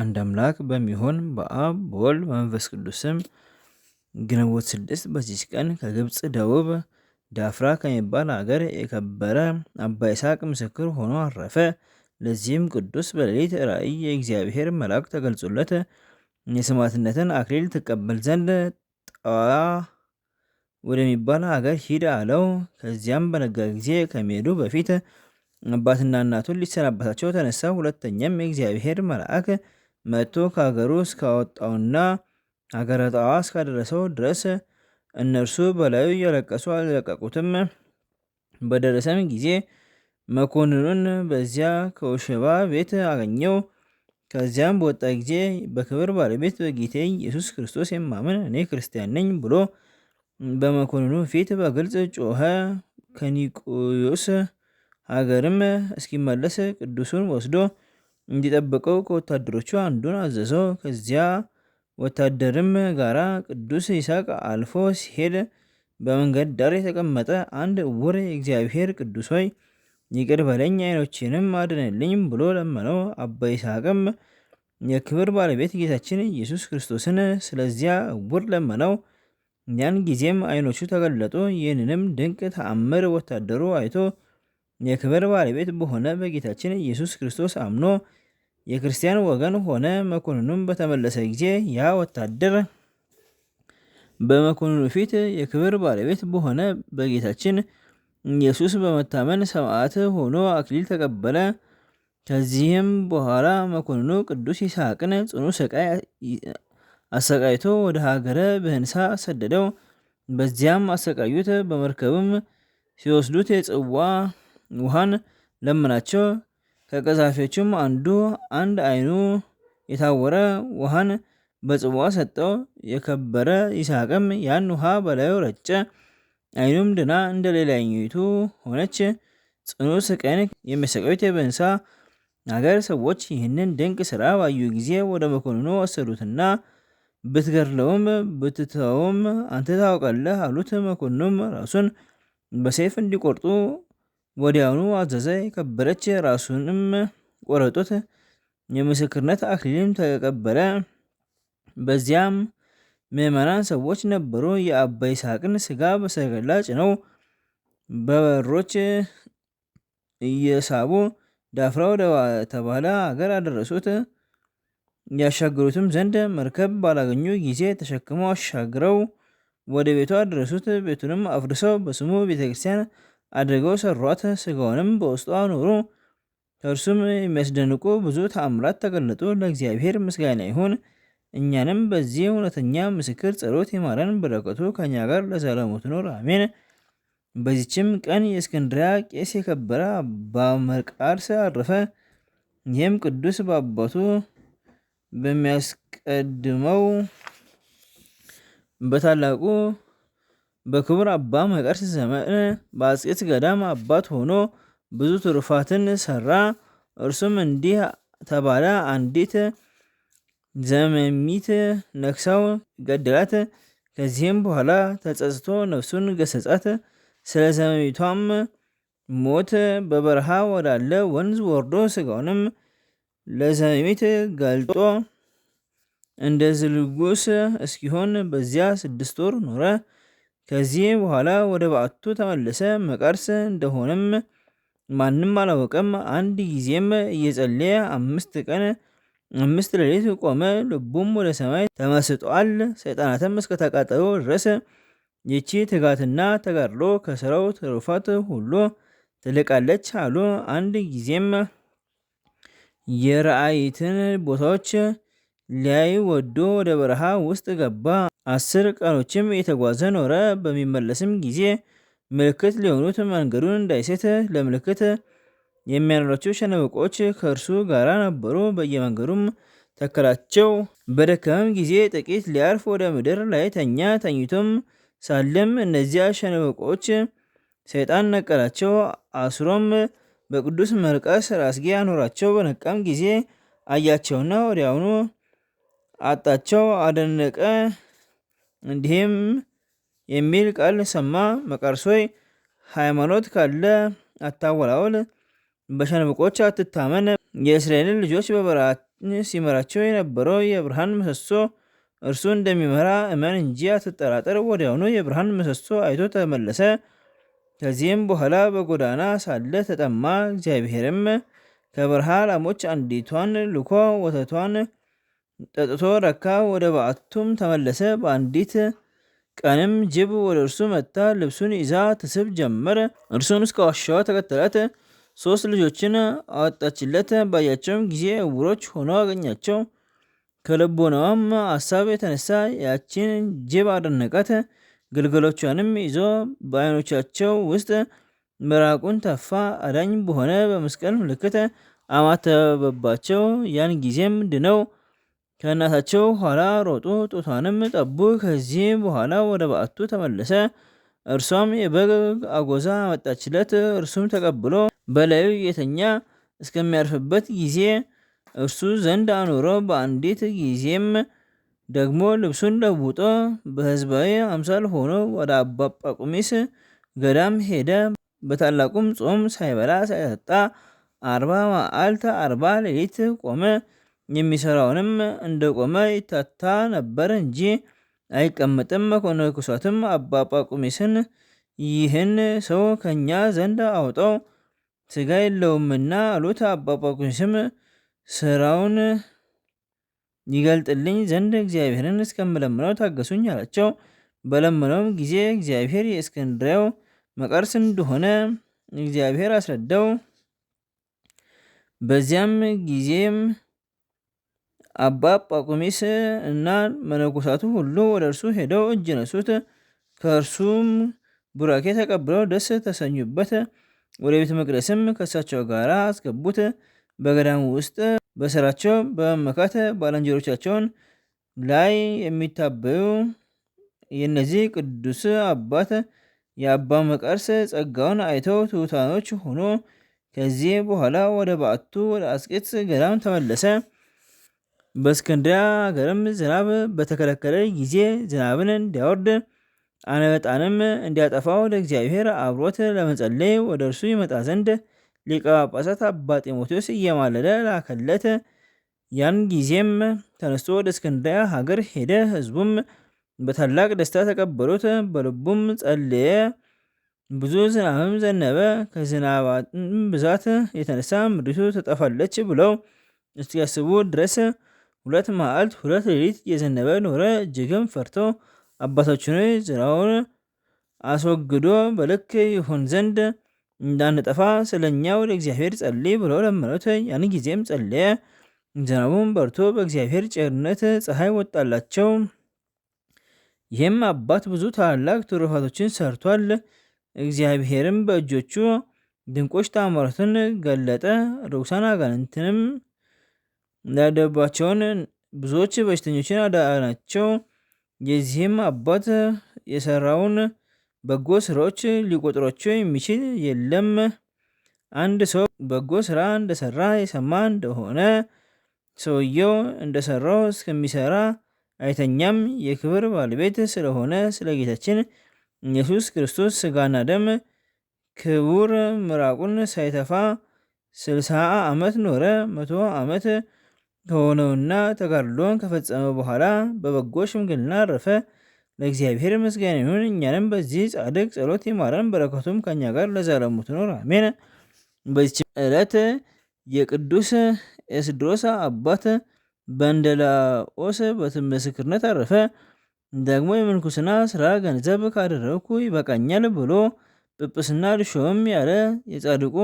አንድ አምላክ በሚሆን በአብ በወልድ በመንፈስ ቅዱስም ግንቦት ስድስት በዚች ቀን ከግብፅ ደቡብ ዳፍራ ከሚባል ሀገር የከበረ አባ ይስሐቅ ምስክር ሆኖ አረፈ። ለዚህም ቅዱስ በሌሊት ራእይ የእግዚአብሔር መልአክ ተገልጾለት የሰማዕትነትን አክሊል ትቀበል ዘንድ ጠዋ ወደሚባል ሀገር ሂድ አለው። ከዚያም በነጋ ጊዜ ከሚሄዱ በፊት አባትና እናቱን ሊሰናበታቸው ተነሳ። ሁለተኛም የእግዚአብሔር መልአክ መጥቶ ከሀገሩ እስካወጣውና ሀገረ ጣዋ እስካደረሰው ድረስ እነርሱ በላዩ እያለቀሱ አልለቀቁትም። በደረሰም ጊዜ መኮንኑን በዚያ ከውሸባ ቤት አገኘው። ከዚያም በወጣ ጊዜ በክብር ባለቤት በጌቴ ኢየሱስ ክርስቶስ የማምን እኔ ክርስቲያን ነኝ ብሎ በመኮንኑ ፊት በግልጽ ጮኸ። ከኒቆዮስ ሀገርም እስኪመለስ ቅዱሱን ወስዶ እንዲጠብቀው ከወታደሮቹ አንዱን አዘዘው። ከዚያ ወታደርም ጋራ ቅዱስ ይስሐቅ አልፎ ሲሄድ በመንገድ ዳር የተቀመጠ አንድ እውር እግዚአብሔር ቅዱስ ሆይ ይቅር በለኝ ዓይኖችንም አድንልኝ ብሎ ለመነው። አባ ይስሐቅም የክብር ባለቤት ጌታችን ኢየሱስ ክርስቶስን ስለዚያ እውር ለመነው። ያን ጊዜም ዓይኖቹ ተገለጡ። ይህንንም ድንቅ ተአምር ወታደሩ አይቶ የክብር ባለቤት በሆነ በጌታችን ኢየሱስ ክርስቶስ አምኖ የክርስቲያን ወገን ሆነ። መኮንኑም በተመለሰ ጊዜ ያ ወታደር በመኮንኑ ፊት የክብር ባለቤት በሆነ በጌታችን ኢየሱስ በመታመን ሰማዕት ሆኖ አክሊል ተቀበለ። ከዚህም በኋላ መኮንኑ ቅዱስ ይስሐቅን ጽኑ ስቃይ አሰቃይቶ ወደ ሀገረ ብህንሳ ሰደደው። በዚያም አሰቃዩት። በመርከብም ሲወስዱት የጽዋ ውሃን ለመናቸው። ከቀዛፊዎችም አንዱ አንድ አይኑ የታወረ ውሃን በጽዋ ሰጠው። የከበረ ይስሐቅም ያን ውሃ በላዩ ረጨ። አይኑም ድና እንደ ሆነች። ጽኑ ስቃይን የሚሰቃዩት የበንሳ ሀገር ሰዎች ይህንን ድንቅ ስራ ባዩ ጊዜ ወደ መኮንኑ ወሰዱትና ብትገድለውም ብትተውም አንተ ታውቃለህ አሉት። መኮንኑም ራሱን በሰይፍ እንዲቆርጡ ወዲያውኑ አዘዘ። ከበረች፣ ራሱንም ቆረጡት፣ የምስክርነት አክሊልም ተቀበለ። በዚያም ምዕመናን ሰዎች ነበሩ። የአባ ይስሐቅን ስጋ በሰረገላ ጭነው በበሮች እየሳቡ ዳፍራው ተባለ ሀገር አደረሱት። ያሻገሩትም ዘንድ መርከብ ባላገኙ ጊዜ ተሸክመው አሻግረው ወደ ቤቱ አደረሱት። ቤቱንም አፍርሰው በስሙ ቤተክርስቲያን አድርገው ሰሯት፣ ስጋውንም በውስጧ አኖሩ። እርሱም የሚያስደንቁ ብዙ ተአምራት ተገለጡ። ለእግዚአብሔር ምስጋና ይሁን፣ እኛንም በዚህ እውነተኛ ምስክር ጸሎት ይማረን፣ በረከቱ ከኛ ጋር ለዘላለሙ ትኖር አሜን። በዚችም ቀን የእስክንድሪያ ቄስ የከበረ አባ መቃርስ አረፈ። ይህም ቅዱስ በአባቱ በሚያስቀድመው በታላቁ በክቡር አባ መቃርስ ዘመን በአጼት ገዳም አባት ሆኖ ብዙ ትሩፋትን ሰራ። እርሱም እንዲህ ተባለ። አንዲት ዘመሚት ነክሰው ገደላት። ከዚህም በኋላ ተጸጽቶ ነፍሱን ገሰጻት። ስለ ዘመሚቷም ሞት በበረሃ ወዳለ ወንዝ ወርዶ ስጋውንም ለዘመሚት ገልጦ እንደ ዝልጉስ እስኪሆን በዚያ ስድስት ወር ኖረ። ከዚህ በኋላ ወደ በዓቱ ተመለሰ። መቃርስ እንደሆነም ማንም አላወቀም። አንድ ጊዜም እየጸለየ አምስት ቀን አምስት ሌሊት ቆመ። ልቡም ወደ ሰማይ ተመስጧል። ሰይጣናትም እስከተቃጠሉ ድረስ ይቺ ትጋትና ተጋድሎ ከስራው ትሩፋት ሁሉ ትልቃለች አሉ። አንድ ጊዜም የራእይትን ቦታዎች ሊያይ ወዶ ወደ በረሃ ውስጥ ገባ። አስር ቀኖችም የተጓዘ ኖረ። በሚመለስም ጊዜ ምልክት ሊሆኑት መንገዱን እንዳይሴት ለምልክት የሚያኖራቸው ሸለበቆች ከእርሱ ጋር ነበሩ። በየመንገዱም ተከላቸው። በደከመም ጊዜ ጥቂት ሊያርፍ ወደ ምድር ላይ ተኛ። ተኝቶም ሳለም እነዚያ ሸለበቆች ሰይጣን ነቀላቸው፣ አስሮም በቅዱስ መርቀስ ራስጌ አኖራቸው። በነቃም ጊዜ አያቸውና ወዲያውኑ አጣቸው፣ አደነቀ። እንዲህም የሚል ቃል ሰማ። መቃርሶይ ሃይማኖት ካለ አታወላውል፣ በሸንበቆች አትታመን። የእስራኤልን ልጆች በበረሃ ሲመራቸው የነበረው የብርሃን ምሰሶ እርሱ እንደሚመራ እመን እንጂ አትጠራጠር። ወዲያውኑ የብርሃን ምሰሶ አይቶ ተመለሰ። ከዚህም በኋላ በጎዳና ሳለ ተጠማ። እግዚአብሔርም ከበረሃ ላሞች አንዲቷን ልኮ ወተቷን ጠጥቶ ረካ። ወደ በዓቱም ተመለሰ። በአንዲት ቀንም ጅብ ወደ እርሱ መጥታ ልብሱን ይዛ ትስብ ጀመረ። እርሱን እስከ ዋሻዋ ተከተላት። ሶስት ልጆችን አወጣችለት። ባያቸውም ጊዜ እውሮች ሆነው አገኛቸው። ከልቦናዋም ሀሳብ የተነሳ ያችን ጅብ አደነቃት። ግልገሎቿንም ይዞ በአይኖቻቸው ውስጥ ምራቁን ተፋ። አዳኝ በሆነ በመስቀል ምልክት አማተበባቸው። ያን ጊዜም ድነው ከእናታቸው ኋላ ሮጡ፣ ጡቷንም ጠቡ። ከዚህ በኋላ ወደ በዓቱ ተመለሰ። እርሷም የበግ አጎዛ አመጣችለት። እርሱም ተቀብሎ በላዩ የተኛ እስከሚያርፍበት ጊዜ እርሱ ዘንድ አኖረ። በአንዲት ጊዜም ደግሞ ልብሱን ለውጦ በሕዝባዊ አምሳል ሆኖ ወደ አባ ጳቁሚስ ገዳም ሄደ። በታላቁም ጾም ሳይበላ ሳይጠጣ አርባ መዓልት አርባ ሌሊት ቆመ። የሚሰራውንም እንደቆመ ይታታ ነበር እንጂ አይቀመጥም። መነኮሳቱም አባ ቁሚስን ይህን ሰው ከኛ ዘንድ አውጣው፣ ስጋ የለውምና አሉት። አባ ቁሚስም ስራውን ይገልጥልኝ ዘንድ እግዚአብሔርን እስከምለምነው ታገሱኝ አላቸው። በለመነውም ጊዜ እግዚአብሔር የእስክንድርያው መቀርስ እንደሆነ እግዚአብሔር አስረዳው። በዚያም ጊዜም አባ ጳቁሚስ እና መነኮሳቱ ሁሉ ወደ እርሱ ሄደው እጅ ነሱት። ከእርሱም ቡራኬ ተቀብለው ደስ ተሰኙበት። ወደ ቤተ መቅደስም ከእሳቸው ጋር አስገቡት። በገዳሙ ውስጥ በስራቸው በመመካት ባለንጀሮቻቸውን ላይ የሚታበዩ የእነዚህ ቅዱስ አባት የአባ መቃርስ ጸጋውን አይተው ትሑታኖች ሆኖ ከዚህ በኋላ ወደ በዓቱ ወደ አስቄጥስ ገዳም ተመለሰ። በእስክንድርያ ሀገርም ዝናብ በተከለከለ ጊዜ ዝናብን እንዲያወርድ አነበጣንም እንዲያጠፋው ለእግዚአብሔር አብሮት ለመጸለይ ወደ እርሱ ይመጣ ዘንድ ሊቀ ጳጳሳት አባ ጢሞቴዎስ እየማለለ ላከለት። ያን ጊዜም ተነስቶ ወደ እስክንድርያ ሀገር ሄደ። ህዝቡም በታላቅ ደስታ ተቀበሉት። በልቡም ጸለየ። ብዙ ዝናብም ዘነበ። ከዝናባም ብዛት የተነሳ ምድሪቱ ተጠፋለች ብለው እስኪያስቡ ድረስ ሁለት መዓልት ሁለት ሌሊት እየዘነበ ኖረ። እጅግም ፈርቶ አባታችን ዝናውን አስወግዶ በልክ ይሆን ዘንድ እንዳንጠፋ ስለኛው ለእግዚአብሔር ጸልይ ብሎ ለመኑት። ያን ጊዜም ጸለየ። ዝናቡም በርቶ በእግዚአብሔር ቸርነት ፀሐይ ወጣላቸው። ይህም አባት ብዙ ታላላቅ ትሩፋቶችን ሰርቷል። እግዚአብሔርም በእጆቹ ድንቆች ታምራትን ገለጠ። ርኩሳን አጋንንትንም እንዳደባቸውን ብዙዎች በሽተኞችን አዳናቸው። የዚህም አባት የሰራውን በጎ ስራዎች ሊቆጥሯቸው የሚችል የለም። አንድ ሰው በጎ ስራ እንደሰራ የሰማ እንደሆነ ሰውየው እንደሰራው እስከሚሰራ አይተኛም። የክብር ባለቤት ስለሆነ ስለ ጌታችን ኢየሱስ ክርስቶስ ስጋና ደም ክቡር ምራቁን ሳይተፋ ስልሳ ዓመት ኖረ። መቶ ዓመት ከሆነውና ተጋድሎን ከፈጸመ በኋላ በበጎ ሽምግልና አረፈ። ለእግዚአብሔር ምስጋና ይሁን፣ እኛንም በዚህ ጻድቅ ጸሎት ይማረን፣ በረከቱም ከኛ ጋር ለዘላለሙ ትኖር አሜን። በዚች ዕለት የቅዱስ ኤስድሮስ አባት በንደላኦስ በምስክርነት አረፈ። ደግሞ የምንኩስና ስራ ገንዘብ ካደረግኩ ይበቃኛል ብሎ ጵጵስና ልሾም ያለ የጻድቁ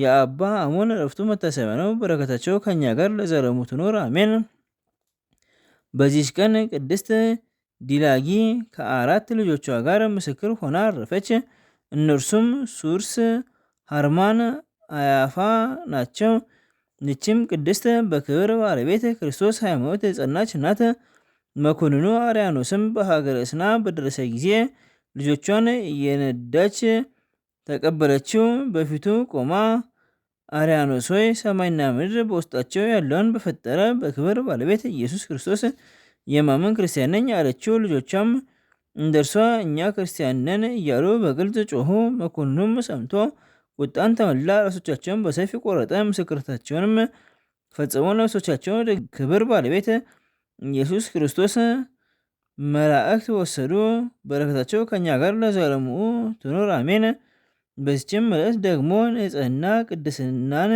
የአባ አሞን ዕረፍቱ መታሰቢያ ነው። በረከታቸው ከእኛ ጋር ለዘለሙ ትኖር አሜን። በዚች ቀን ቅድስት ዲላጊ ከአራት ልጆቿ ጋር ምስክር ሆና አረፈች። እነርሱም ሱርስ፣ ሃርማን፣ አያፋ ናቸው። ይህችም ቅድስት በክብር ባለቤት ክርስቶስ ሃይማኖት የጸናች ናት። መኮንኑ አርያኖስም በሀገረ እስና በደረሰ ጊዜ ልጆቿን እየነዳች ተቀበለችው። በፊቱ ቆማ አርያኖስ ሆይ ሰማይና ምድር በውስጣቸው ያለውን በፈጠረ በክብር ባለቤት ኢየሱስ ክርስቶስ የማመን ክርስቲያን ነኝ አለችው። ልጆቿም እንደ እርሷ እኛ ክርስቲያን ነን እያሉ በግልጽ ጮሁ። መኮንኑም ሰምቶ ቁጣን ተመላ፣ ራሶቻቸውን በሰይፍ ቆረጠ። ምስክርታቸውንም ፈጽሞ ወደ ክብር ባለቤት ኢየሱስ ክርስቶስ መላእክት ወሰዱ። በረከታቸው ከእኛ ጋር ለዘላለሙ ትኑር አሜን። በዚችም ርዕስ ደግሞ ንጽህና ቅድስናን፣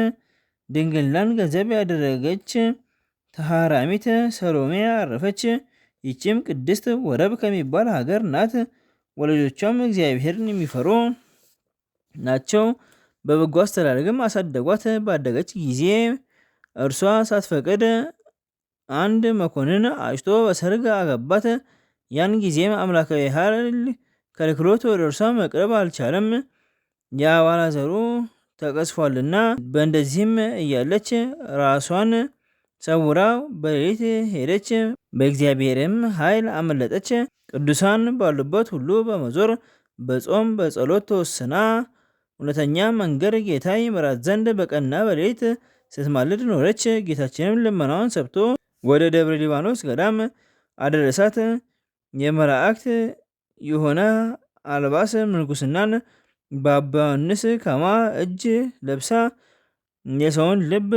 ድንግልናን ገንዘብ ያደረገች ተሐራሚት ሰሎሜ አረፈች። ይህችም ቅድስት ወረብ ከሚባል ሀገር ናት። ወላጆቿም እግዚአብሔርን የሚፈሩ ናቸው። በበጎ አስተዳደግም አሳደጓት። ባደገች ጊዜ እርሷ ሳትፈቅድ አንድ መኮንን አጭቶ በሰርግ አገባት። ያን ጊዜም አምላካዊ ኃይል ከልክሎት ወደ እርሷ መቅረብ አልቻለም። የአባላ ዘሩ ተቀስፏልና በእንደዚህም እያለች ራሷን ሰውራ በሌሊት ሄደች፣ በእግዚአብሔርም ኃይል አመለጠች። ቅዱሳን ባሉበት ሁሉ በመዞር በጾም በጸሎት ተወስና እውነተኛ መንገድ ጌታ ይመራት ዘንድ በቀንና በሌሊት ስትማልድ ኖረች። ጌታችንም ልመናዋን ሰብቶ ወደ ደብረ ሊባኖስ ገዳም አደረሳት። የመላእክት የሆነ አልባስ ምንኩስናን በአባንስ ካማ እጅ ለብሳ የሰውን ልብ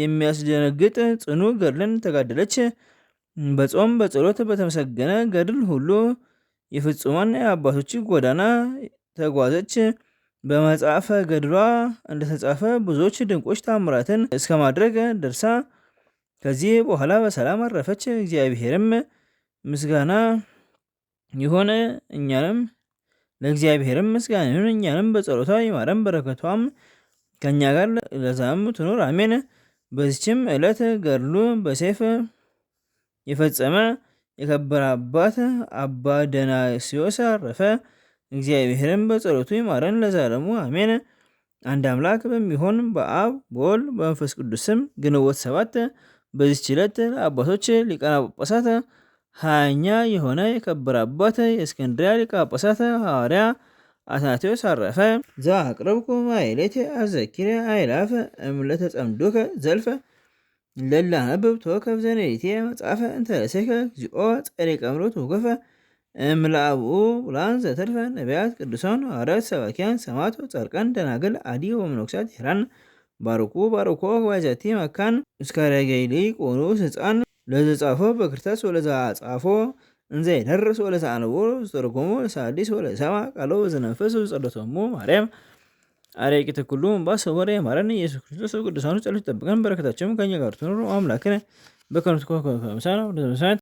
የሚያስደነግጥ ጽኑ ገድልን ተጋደለች። በጾም በጸሎት በተመሰገነ ገድል ሁሉ የፍጹማን የአባቶች ጎዳና ተጓዘች። በመጽሐፈ ገድሏ እንደተጻፈ ብዙዎች ድንቆች ታምራትን እስከ ማድረግ ደርሳ ከዚህ በኋላ በሰላም አረፈች። እግዚአብሔርም ምስጋና ይሆነ እኛንም ለእግዚአብሔርም ምስጋና ይሁን፣ እኛንም በጸሎቷ ይማረን፣ በረከቷም ከእኛ ጋር ለዘላለሙ ትኑር አሜን። በዚችም ዕለት ገድሉ በሰይፍ የፈጸመ የከበረ አባት አባ ደናስዮስ አረፈ። እግዚአብሔርም በጸሎቱ ይማረን ለዘላለሙ አሜን። አንድ አምላክ በሚሆን በአብ በወል በመንፈስ ቅዱስ ስም ግንቦት ሰባት በዚች ዕለት ለአባቶች ሊቃነ ጳጳሳት ሀያኛ የሆነ የከበረ አባት የእስክንድርያ ሊቀ ጳጳሳት ሐዋርያ አትናቴዎስ አረፈ። ዘአቅርብኩ ማኅሌተ አዘኪረ አእላፈ እምለተጸምዱከ ዘልፈ ለላነብብ ተወከፍ መጻፈ መጽሐፈ እንተረሴከ እግዚኦ ጸሪቀ እምሮ ትውከፈ እምለአብኡ ላን ዘተርፈ ነቢያት፣ ቅዱሳን፣ ሐዋርያት፣ ሰባኪያን፣ ሰማቶ ጻድቃን፣ ደናግል፣ አዲ ወመነኮሳት ሄራን ባርኩ ባርኮ ባይዛቲ መካን እስካረገይሊ ቆኑ ህፃን ለዘጻፎ በክርታስ ወለዛ እንዘ ይደርስ ወለዛ አንቦ ተርጎሞ ሳዲስ ወለሰማ ቃሎ ዘነፈስ ጸሎቶሙ ማርያም አረቂት ኩሉ ባሰ ወሬ ማረን ኢየሱስ ክርስቶስ ቅዱሳኑ ጸሎት ይጠብቀን። በረከታቸውም ከኛ ጋር ትኑሩ። አምላክነ በከንቱ ኮከብ ምሳና